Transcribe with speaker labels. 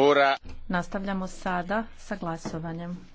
Speaker 1: ora.
Speaker 2: Nastavljamo sada sa glasovanjem.